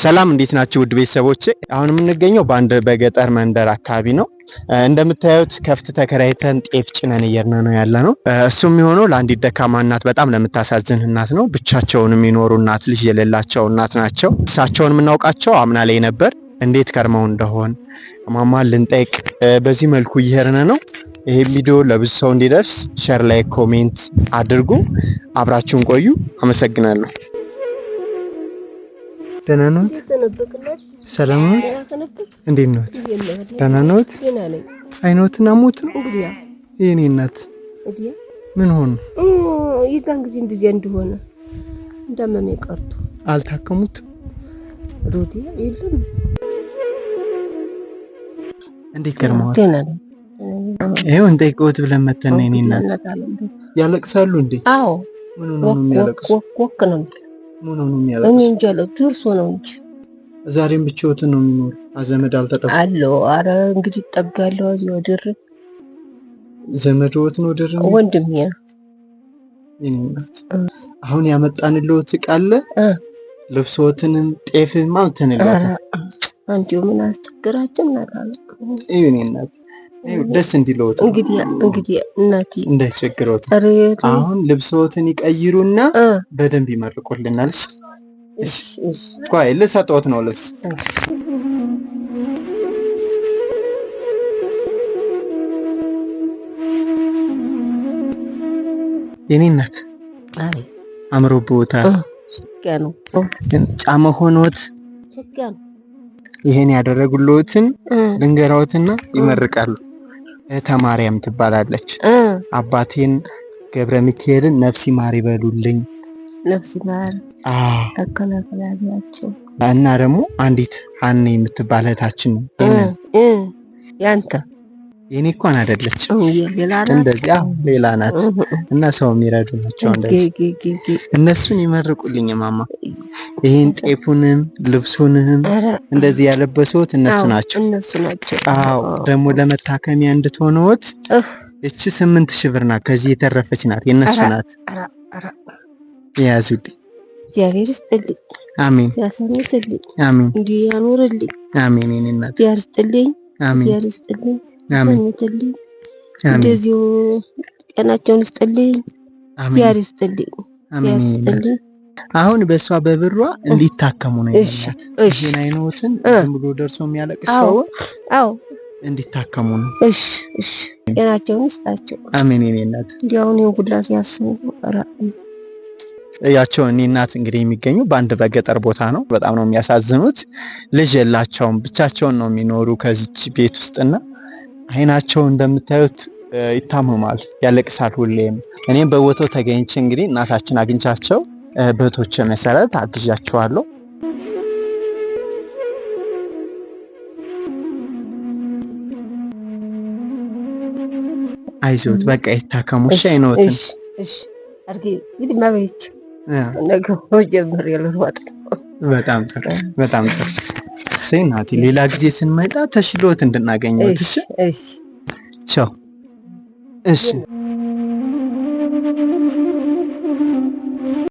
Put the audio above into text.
ሰላም እንዴት ናቸው? ውድ ቤተሰቦቼ፣ አሁን የምንገኘው በአንድ በገጠር መንደር አካባቢ ነው። እንደምታዩት ከፍት ተከራይተን ጤፍ ጭነን እየርነ ነው ያለ ነው። እሱ የሚሆነው ለአንዲት ደካማ እናት፣ በጣም ለምታሳዝን እናት ነው። ብቻቸውን የሚኖሩ እናት፣ ልጅ የሌላቸው እናት ናቸው። እሳቸውን የምናውቃቸው አምና ላይ ነበር። እንዴት ከርመው እንደሆን ማማ ልንጠይቅ በዚህ መልኩ እየሄድን ነው። ይሄ ቪዲዮ ለብዙ ሰው እንዲደርስ ሸር ላይ ኮሜንት አድርጉ። አብራችሁን ቆዩ። አመሰግናለሁ። ደህና ኖት? ሰላም ኖት? እንዴት ኖት? ደህና ኖት? አይኖትና ሞት ነው የኔ እናት። ምን ሆኑ? ይጋን እንግዲህ እንደዚያ እንደሆነ እንዳመመ ቀርቶ አልታከሙት ሩዲ የለም። እንዴት ገርመዋል? ይሄው እንጠይቀውት ብለን መተን ነው። እናት ያለቅሳሉ እንዴ? አዎ ነው ወክ ነው ምን ነው እኔ እንጃ ነው እንጂ ዛሬም ብቻዎትን ነው የሚኖር። አለው። አረ እንግዲህ ዘመድዎት ነው አሁን ያመጣንልዎት ቃለ ልብሶትንም ጤፍም ምን አስቸግራችን ደስ እንዲለዎት እንግዲህ እናቴ እንዳይቸግረዎት። አሁን ልብሶትን ይቀይሩና በደንብ ይመርቁልናል። እሺ ቆይ ልሰጥዎት ነው ልብስ የኔ እናት አምሮ አምሮብዎታል። ጫማ ሆኖት ይሄን ያደረጉልዎትን ልንገራዎትና ይመርቃሉ። እህተ ማርያም ትባላለች። አባቴን ገብረ ሚካኤልን ነፍሲ ማር ይበሉልኝ። ነፍሲ ማር አከላከላቸው እና ደግሞ አንዲት ሀኔ የምትባል እህታችን ያንተ የኔ እኳን አይደለች እንደዚህ ሌላ ናት። እና ሰው የሚረዱ ናቸው እንደዚህ እነሱን ይመርቁልኝ ማማ። ይሄን ጤፉንም ልብሱንም እንደዚህ ያለበሱት እነሱ ናቸው። አዎ ደግሞ ለመታከሚያ እንድትሆነዎት እቺ ስምንት ሺህ ብር ናት። ከዚህ የተረፈች ናት የእነሱ ናት። የያዙልኝ እግዚአብሔር ይስጥልኝ። አሜን። ያሰምትልኝ። አሜን። እንዲህ ያኖርልኝ። አሜን። ይኔናት ያርስጥልኝ። አሜን። ያርስጥልኝ እንደዚሁ ቀናቸውን ይስጥልኝ፣ ያር ይስጥልኝ፣ አሁን በእሷ በብሯ እንዲታከሙ ነው ያላት። ይህን አይነትን ዝም ብሎ ደርሶ የሚያለቅ ሰው አዎ እንዲታከሙ ነው። እሺ እሺ፣ ጤናቸውን ይስጣቸው። አሜን። የኔ እናት እንዲህ አሁን ይሁን ጉድላ ሲያስቡ ያቸው እኔ እናት እንግዲህ የሚገኙ በአንድ በገጠር ቦታ ነው። በጣም ነው የሚያሳዝኑት። ልጅ የላቸውም፣ ብቻቸውን ነው የሚኖሩ ከዚች ቤት ውስጥና አይናቸው እንደምታዩት ይታመማል፣ ያለቅሳል ሁሌም። እኔም በቦታው ተገኝቼ እንግዲህ እናታችን አግኝቻቸው በቶች መሰረት አግዣቸዋለሁ። አይዞት በቃ ይታከሙሽ በጣም ጥሩ በጣም ጥሩ እሰይ ናቲ፣ ሌላ ጊዜ ስንመጣ ተሽሎት እንድናገኘት። እሺ፣ ቻው። እሺ